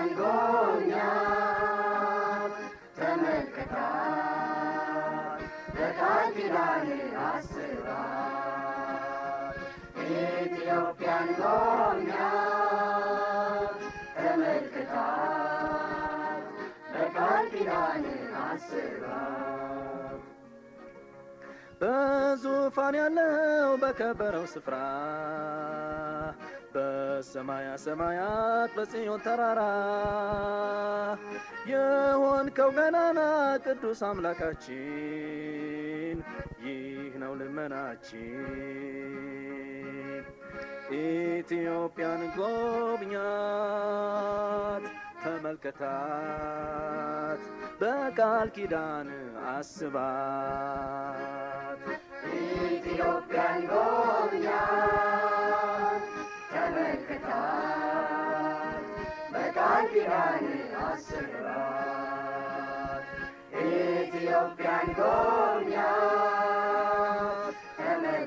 አድርጎኛል። ተመልክታ በቃል ኪዳን በዙፋን ያለው በከበረው ስፍራ በሰማያ ሰማያት በጽዮን ተራራ የሆንከው ገናና ቅዱስ አምላካችን ይህ ነው ልመናችን። ኢትዮጵያን ጎብኛት፣ ተመልከታት፣ በቃል ኪዳን አስባት። ኢትዮጵያን ጎብኛት ኪዳን በቃል ኪዳን አስራት ኢትዮጵያን ጎብኛት ተመልከታት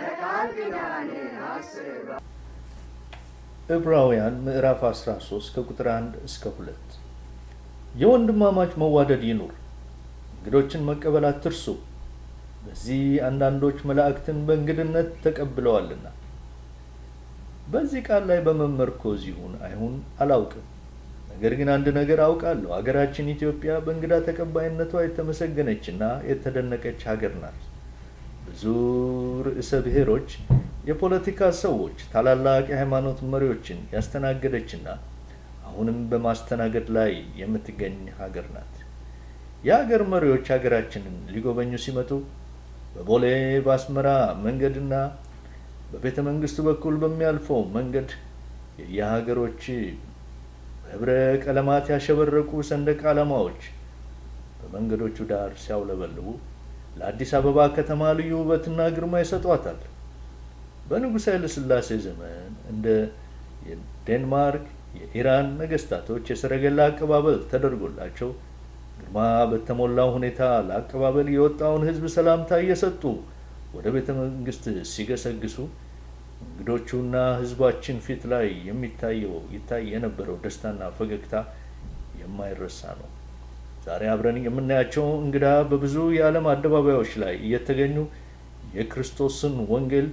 በቃል ኪዳን አስራት ዕብራውያን ምዕራፍ 13 ከቁጥር 1 እስከ 2 የወንድማማች መዋደድ ይኑር እንግዶችን መቀበል አትርሱ በዚህ አንዳንዶች መላእክትን በእንግድነት ተቀብለዋልና በዚህ ቃል ላይ በመመርኮዝ ይሁን አይሁን አላውቅም። ነገር ግን አንድ ነገር አውቃለሁ። ሀገራችን ኢትዮጵያ በእንግዳ ተቀባይነቷ የተመሰገነችና የተደነቀች ሀገር ናት። ብዙ ርዕሰ ብሔሮች፣ የፖለቲካ ሰዎች፣ ታላላቅ የሃይማኖት መሪዎችን ያስተናገደችና አሁንም በማስተናገድ ላይ የምትገኝ ሀገር ናት። የሀገር መሪዎች ሀገራችንን ሊጎበኙ ሲመጡ በቦሌ በአስመራ መንገድና በቤተ መንግስቱ በኩል በሚያልፈው መንገድ የየሀገሮች ህብረ ቀለማት ያሸበረቁ ሰንደቅ ዓላማዎች በመንገዶቹ ዳር ሲያውለበልቡ ለአዲስ አበባ ከተማ ልዩ ውበትና ግርማ ይሰጧታል። በንጉሥ ኃይለ ሥላሴ ዘመን እንደ የዴንማርክ፣ የኢራን ነገስታቶች የሰረገላ አቀባበል ተደርጎላቸው ግርማ በተሞላው ሁኔታ ለአቀባበል የወጣውን ህዝብ ሰላምታ እየሰጡ ወደ ቤተ መንግስት ሲገሰግሱ እንግዶቹና ህዝባችን ፊት ላይ የሚታየው ይታይ የነበረው ደስታና ፈገግታ የማይረሳ ነው። ዛሬ አብረን የምናያቸው እንግዳ በብዙ የዓለም አደባባዮች ላይ እየተገኙ የክርስቶስን ወንጌል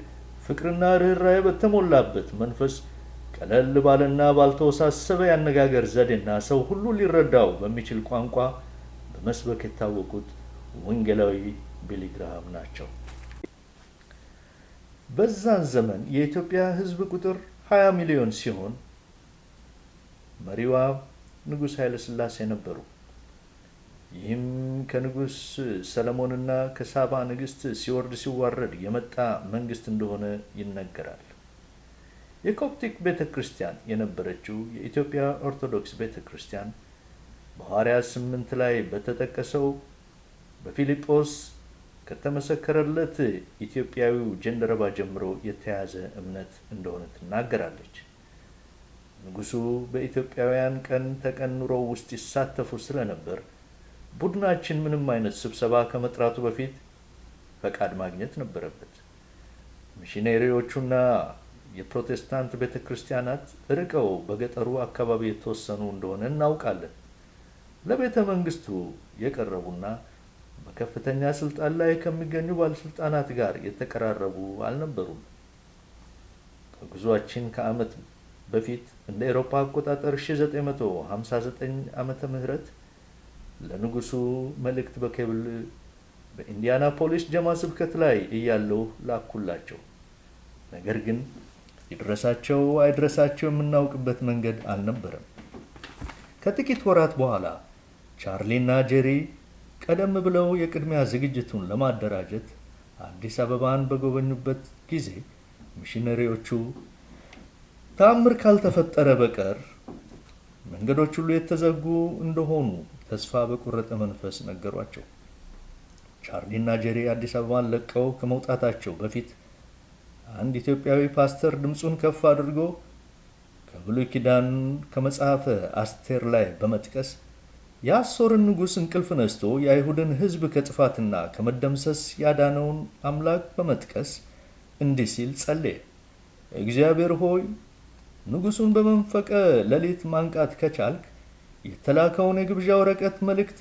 ፍቅርና ርኅራኄ በተሞላበት መንፈስ ቀለል ባለና ባልተወሳሰበ ያነጋገር ዘዴና ሰው ሁሉ ሊረዳው በሚችል ቋንቋ በመስበክ የታወቁት ወንጌላዊ ቢሊ ናቸው። በዛን ዘመን የኢትዮጵያ ህዝብ ቁጥር 20 ሚሊዮን ሲሆን መሪዋ ንጉሥ ኃይለሥላሴ ነበሩ። ይህም ከንጉሥ ሰለሞንና ከሳባ ንግሥት ሲወርድ ሲዋረድ የመጣ መንግሥት እንደሆነ ይነገራል። የኮፕቲክ ቤተ ክርስቲያን የነበረችው የኢትዮጵያ ኦርቶዶክስ ቤተ ክርስቲያን በሐዋርያት ስምንት ላይ በተጠቀሰው በፊልጶስ ከተመሰከረለት ኢትዮጵያዊው ጀንደረባ ጀምሮ የተያዘ እምነት እንደሆነ ትናገራለች። ንጉሱ በኢትዮጵያውያን ቀን ተቀን ኑሮ ውስጥ ይሳተፉ ስለነበር ቡድናችን ምንም አይነት ስብሰባ ከመጥራቱ በፊት ፈቃድ ማግኘት ነበረበት። ሚሽነሪዎቹና የፕሮቴስታንት ቤተ ክርስቲያናት ርቀው በገጠሩ አካባቢ የተወሰኑ እንደሆነ እናውቃለን። ለቤተ መንግስቱ የቀረቡና በከፍተኛ ስልጣን ላይ ከሚገኙ ባለስልጣናት ጋር የተቀራረቡ አልነበሩም። ከጉዟችን ከዓመት በፊት እንደ ኤሮፓ አቆጣጠር 1959 ዓመተ ምህረት ለንጉሱ መልእክት በኬብል በኢንዲያናፖሊስ ጀማ ስብከት ላይ እያለው ላኩላቸው። ነገር ግን ይድረሳቸው አይድረሳቸው የምናውቅበት መንገድ አልነበረም። ከጥቂት ወራት በኋላ ቻርሊ እና ጄሪ ቀደም ብለው የቅድሚያ ዝግጅቱን ለማደራጀት አዲስ አበባን በጎበኙበት ጊዜ ሚሽነሪዎቹ ተአምር ካልተፈጠረ በቀር መንገዶች ሁሉ የተዘጉ እንደሆኑ ተስፋ በቆረጠ መንፈስ ነገሯቸው። ቻርሊና ጄሪ አዲስ አበባን ለቀው ከመውጣታቸው በፊት አንድ ኢትዮጵያዊ ፓስተር ድምፁን ከፍ አድርጎ ከብሉይ ኪዳን ከመጽሐፈ አስቴር ላይ በመጥቀስ የአሶርን ንጉሥ እንቅልፍ ነስቶ የአይሁድን ሕዝብ ከጥፋትና ከመደምሰስ ያዳነውን አምላክ በመጥቀስ እንዲህ ሲል ጸለየ። እግዚአብሔር ሆይ ንጉሡን በመንፈቀ ሌሊት ማንቃት ከቻልክ የተላከውን የግብዣ ወረቀት መልእክት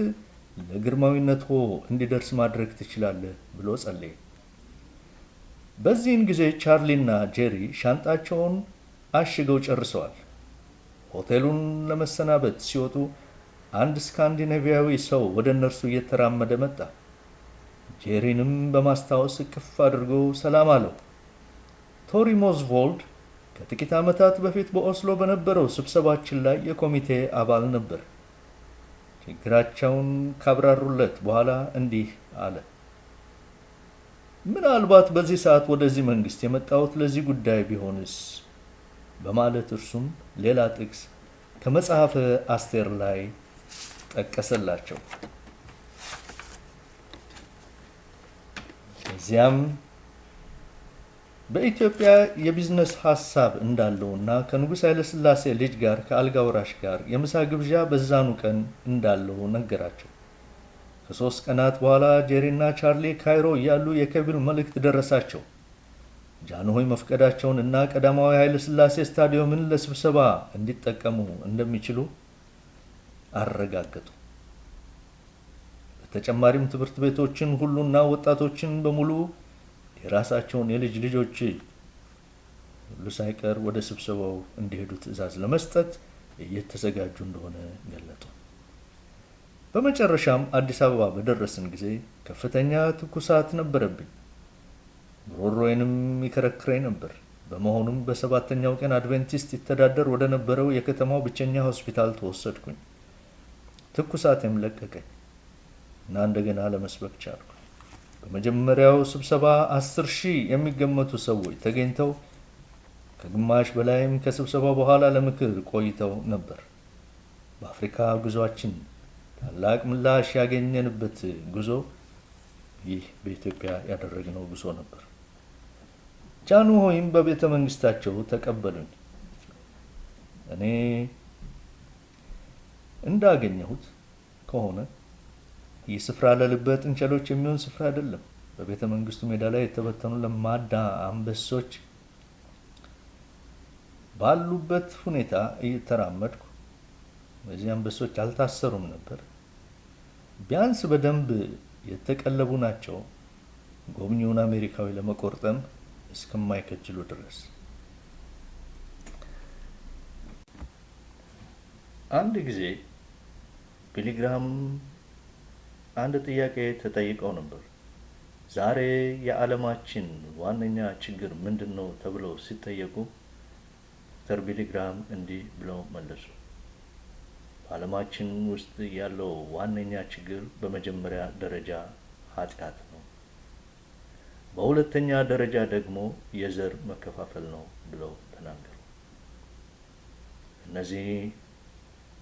ለግርማዊነት ሆ እንዲደርስ ማድረግ ትችላለህ ብሎ ጸለየ። በዚህን ጊዜ ቻርሊና ጄሪ ሻንጣቸውን አሽገው ጨርሰዋል። ሆቴሉን ለመሰናበት ሲወጡ አንድ ስካንዲናቪያዊ ሰው ወደ እነርሱ እየተራመደ መጣ። ጄሪንም በማስታወስ እቅፍ አድርጎ ሰላም አለው። ቶሪ ሞዝቮልድ ከጥቂት ዓመታት በፊት በኦስሎ በነበረው ስብሰባችን ላይ የኮሚቴ አባል ነበር። ችግራቸውን ካብራሩለት በኋላ እንዲህ አለ። ምናልባት በዚህ ሰዓት ወደዚህ መንግሥት የመጣሁት ለዚህ ጉዳይ ቢሆንስ በማለት እርሱም ሌላ ጥቅስ ከመጽሐፈ አስቴር ላይ ጠቀሰላቸው። ከዚያም በኢትዮጵያ የቢዝነስ ሀሳብ እንዳለውና ከንጉሥ ኃይለሥላሴ ልጅ ጋር ከአልጋ ወራሽ ጋር የምሳ ግብዣ በዛኑ ቀን እንዳለው ነገራቸው። ከሶስት ቀናት በኋላ ጄሪና ቻርሊ ካይሮ እያሉ የኬብል መልእክት ደረሳቸው። ጃንሆይ መፍቀዳቸውን እና ቀዳማዊ ኃይለሥላሴ ስታዲየምን ለስብሰባ እንዲጠቀሙ እንደሚችሉ አረጋገጡ። በተጨማሪም ትምህርት ቤቶችን ሁሉና ወጣቶችን በሙሉ የራሳቸውን የልጅ ልጆች ሁሉ ሳይቀር ወደ ስብሰባው እንዲሄዱ ትዕዛዝ ለመስጠት እየተዘጋጁ እንደሆነ ገለጡ። በመጨረሻም አዲስ አበባ በደረስን ጊዜ ከፍተኛ ትኩሳት ነበረብኝ። ጉሮሮዬንም ይከረክረኝ ነበር። በመሆኑም በሰባተኛው ቀን አድቬንቲስት ይተዳደር ወደ ነበረው የከተማው ብቸኛ ሆስፒታል ተወሰድኩኝ። ትኩሳቴም ለቀቀኝ እና እንደገና ለመስበክ ቻልኩ። በመጀመሪያው ስብሰባ አስር ሺህ የሚገመቱ ሰዎች ተገኝተው ከግማሽ በላይም ከስብሰባ በኋላ ለምክር ቆይተው ነበር። በአፍሪካ ጉዞችን ታላቅ ምላሽ ያገኘንበት ጉዞ ይህ በኢትዮጵያ ያደረግነው ጉዞ ነበር። ጃንሆይም በቤተ መንግስታቸው ተቀበሉኝ። እኔ እንዳገኘሁት ከሆነ ይህ ስፍራ ለልበ ጥንቸሎች የሚሆን ስፍራ አይደለም። በቤተ መንግስቱ ሜዳ ላይ የተበተኑ ለማዳ አንበሶች ባሉበት ሁኔታ እየተራመድኩ እነዚህ አንበሶች አልታሰሩም ነበር። ቢያንስ በደንብ የተቀለቡ ናቸው። ጎብኚውን አሜሪካዊ ለመቆርጠም እስከማይከጅሉ ድረስ አንድ ጊዜ ቢሊግራም አንድ ጥያቄ ተጠይቀው ነበር። ዛሬ የዓለማችን ዋነኛ ችግር ምንድን ነው ተብለው ሲጠየቁ ዶክተር ቢሊግራም እንዲህ ብለው መለሱ። በዓለማችን ውስጥ ያለው ዋነኛ ችግር በመጀመሪያ ደረጃ ኃጢአት ነው፣ በሁለተኛ ደረጃ ደግሞ የዘር መከፋፈል ነው ብለው ተናገሩ። እነዚህ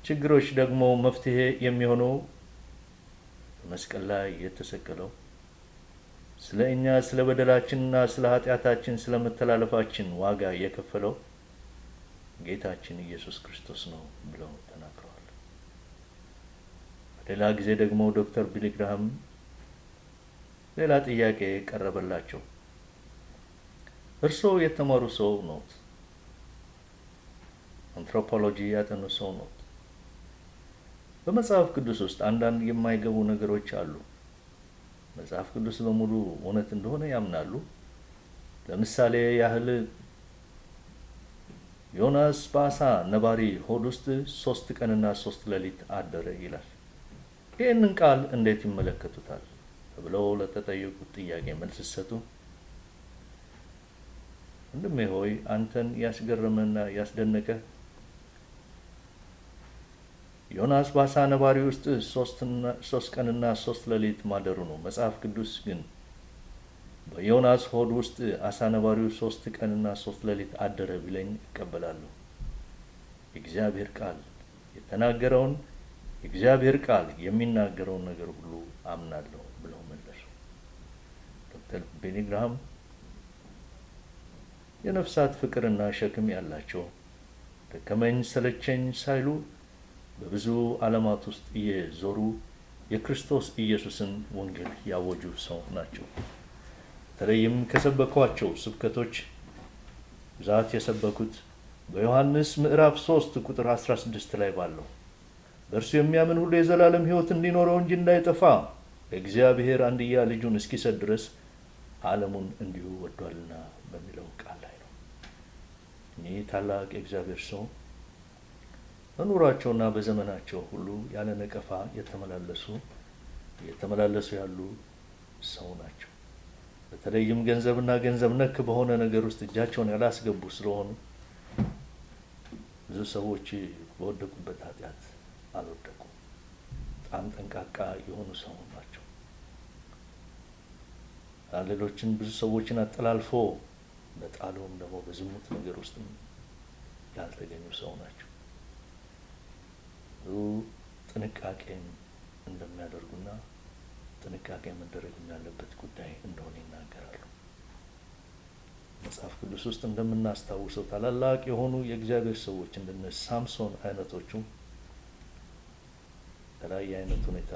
ችግሮች ደግሞ መፍትሄ የሚሆነው መስቀል ላይ የተሰቀለው ስለ እኛ ስለ በደላችንና ስለ ኃጢአታችን ስለ መተላለፋችን ዋጋ የከፈለው ጌታችን ኢየሱስ ክርስቶስ ነው ብለው ተናግረዋል። በሌላ ጊዜ ደግሞ ዶክተር ቢሊግርሃም ሌላ ጥያቄ ቀረበላቸው። እርስዎ የተማሩ ሰው ኖት፣ አንትሮፖሎጂ ያጠኑ ሰው ኖት በመጽሐፍ ቅዱስ ውስጥ አንዳንድ የማይገቡ ነገሮች አሉ። መጽሐፍ ቅዱስ በሙሉ እውነት እንደሆነ ያምናሉ። ለምሳሌ ያህል ዮናስ በአሳ ነባሪ ሆድ ውስጥ ሶስት ቀንና ሶስት ሌሊት አደረ ይላል። ይህንን ቃል እንዴት ይመለከቱታል ተብለው ለተጠየቁት ጥያቄ መልስ ሲሰጡ ወንድሜ ሆይ አንተን ያስገረመና ያስደነቀ ዮናስ በአሳ ነባሪ ውስጥ ሶስት ቀንና ሶስት ሌሊት ማደሩ ነው። መጽሐፍ ቅዱስ ግን በዮናስ ሆድ ውስጥ አሳ ነባሪው ሶስት ቀንና ሶስት ሌሊት አደረ ቢለኝ እቀበላለሁ። የእግዚአብሔር ቃል የተናገረውን የእግዚአብሔር ቃል የሚናገረውን ነገር ሁሉ አምናለሁ ብለው መለሱ። ዶክተር ቤኒ ግራሃም የነፍሳት ፍቅርና ሸክም ያላቸው ደከመኝ ሰለቸኝ ሳይሉ በብዙ ዓለማት ውስጥ እየዞሩ የክርስቶስ ኢየሱስን ወንጌል ያወጁ ሰው ናቸው። በተለይም ከሰበኳቸው ስብከቶች ብዛት የሰበኩት በዮሐንስ ምዕራፍ 3 ቁጥር 16 ላይ ባለው በእርሱ የሚያምን ሁሉ የዘላለም ሕይወት እንዲኖረው እንጂ እንዳይጠፋ እግዚአብሔር አንድያ ልጁን እስኪሰጥ ድረስ ዓለሙን እንዲሁ ወዷልና በሚለው ቃል ላይ ነው። እኔ ታላቅ የእግዚአብሔር ሰው በኑሯቸውና በዘመናቸው ሁሉ ያለ ነቀፋ የተመላለሱ የተመላለሱ ያሉ ሰው ናቸው። በተለይም ገንዘብና ገንዘብ ነክ በሆነ ነገር ውስጥ እጃቸውን ያላስገቡ ስለሆኑ ብዙ ሰዎች በወደቁበት ኃጢአት አልወደቁም። በጣም ጠንቃቃ የሆኑ ሰው ናቸው። ሌሎችን ብዙ ሰዎችን አጠላልፎ በጣሉም ደግሞ በዝሙት ነገር ውስጥም ያልተገኙ ሰው ናቸው። ጥንቃቄን እንደሚያደርጉና ጥንቃቄ መደረግ ያለበት ጉዳይ እንደሆነ ይናገራሉ። መጽሐፍ ቅዱስ ውስጥ እንደምናስታውሰው ታላላቅ የሆኑ የእግዚአብሔር ሰዎች እንደነ ሳምሶን አይነቶቹ ተለያየ አይነት ሁኔታ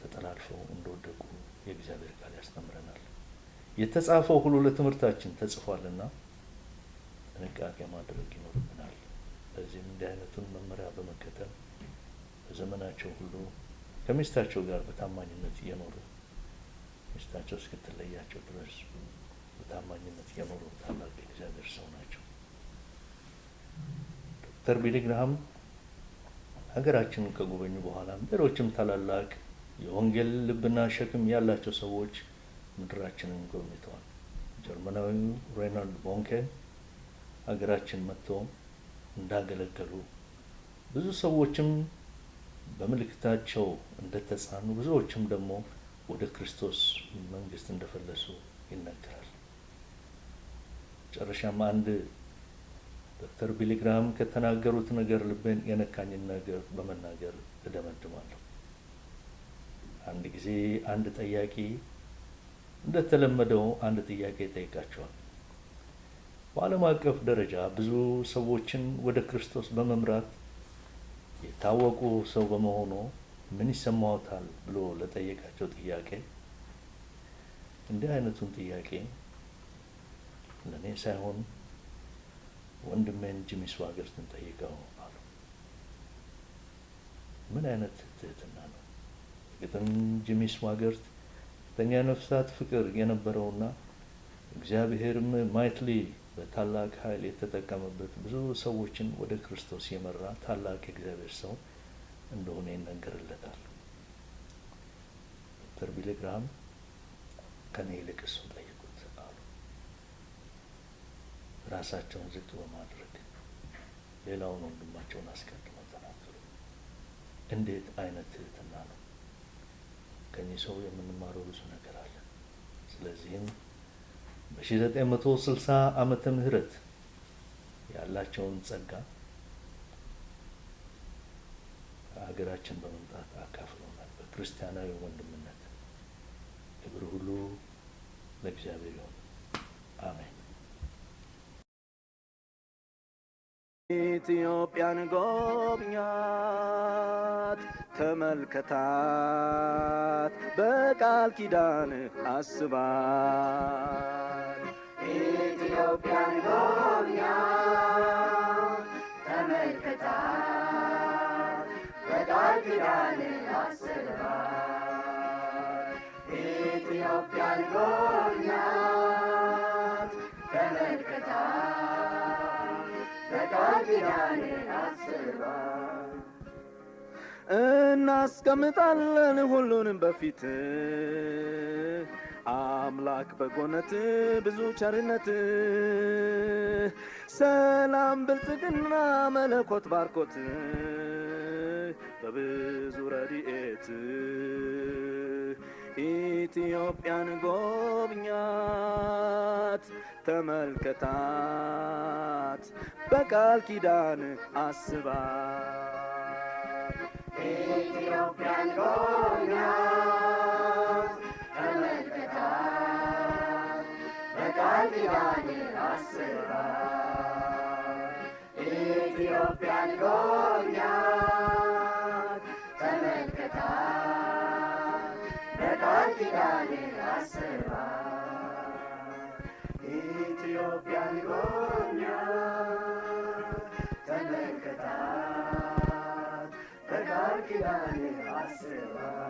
ተጠላልፈው እንደወደቁ የእግዚአብሔር ቃል ያስተምረናል። የተጻፈው ሁሉ ለትምህርታችን ተጽፏልና ጥንቃቄ ማድረግ ይኖርብናል። በዚህም እንዲህ አይነቱን መመሪያ በመከተል በዘመናቸው ሁሉ ከሚስታቸው ጋር በታማኝነት እየኖሩ ሚስታቸው እስክትለያቸው ድረስ በታማኝነት እየኖሩ ታላቅ የእግዚአብሔር ሰው ናቸው። ዶክተር ቢሊ ግርሃም ሀገራችንን ከጎበኙ በኋላ ሌሎችም ታላላቅ የወንጌል ልብና ሸክም ያላቸው ሰዎች ምድራችንን ጎብኝተዋል። ጀርመናዊ ሬናልድ ቦንኬ ሀገራችን መጥቶ እንዳገለገሉ ብዙ ሰዎችም በምልክታቸው እንደተጻኑ ብዙዎችም ደግሞ ወደ ክርስቶስ መንግስት እንደፈለሱ ይነገራል። መጨረሻም አንድ ዶክተር ቢሊግራም ከተናገሩት ነገር ልብን የነካኝን ነገር በመናገር እደመድማለሁ። አንድ ጊዜ አንድ ጠያቂ እንደተለመደው አንድ ጥያቄ ይጠይቃቸዋል። በዓለም አቀፍ ደረጃ ብዙ ሰዎችን ወደ ክርስቶስ በመምራት የታወቁ ሰው በመሆኑ ምን ይሰማዎታል ብሎ ለጠየቃቸው ጥያቄ እንዲህ አይነቱን ጥያቄ ለእኔ ሳይሆን ወንድሜን ጂሚ ስዋገርትን ጠይቀው አሉ። ምን አይነት ትህትና ነው! ግጥም ጂሚ ስዋገርት ተኛ ነፍሳት ፍቅር የነበረውና እግዚአብሔርም ማይትሊ በታላቅ ኃይል የተጠቀመበት ብዙ ሰዎችን ወደ ክርስቶስ የመራ ታላቅ የእግዚአብሔር ሰው እንደሆነ ይነገርለታል። ዶክተር ቢሊ ግርሃም ከኔ ይልቅ እሱን ጠይቁት አሉ። ራሳቸውን ዝቅ በማድረግ ሌላውን ወንድማቸውን አስቀድመው ተናገሩ። እንዴት አይነት ትህትና ነው! ከኚህ ሰው የምንማረው ብዙ ነገር አለ። ስለዚህም በ1960 ዓመተ ምህረት ያላቸውን ጸጋ ሀገራችን በመምጣት አካፍለውናል። በክርስቲያናዊ ወንድምነት ክብር ሁሉ ለእግዚአብሔር ይሁን። አሜን። ኢትዮጵያን ጎብኛት። ተመልከታት በቃል ኪዳን አስባት ኢትዮጵያን ጎብኛ ተመልከታት በቃል ኪዳን አስባት ኢትዮጵያን ጎብኛ ተመልከታት በቃል ኪዳን እናስቀምጣለን ሁሉንም በፊት አምላክ በጎነት ብዙ ቸርነት ሰላም ብልጽግና መለኮት ባርኮት በብዙ ረድኤት ኢትዮጵያን ጎብኛት ተመልከታት በቃል ኪዳን አስባት ኢትዮጵያን ጎብኛ ተመልከታት በቃል ኪዳን አስባ ኢትዮጵያን ጎብኛ ተመልከታት በቃል ኪዳን Yeah.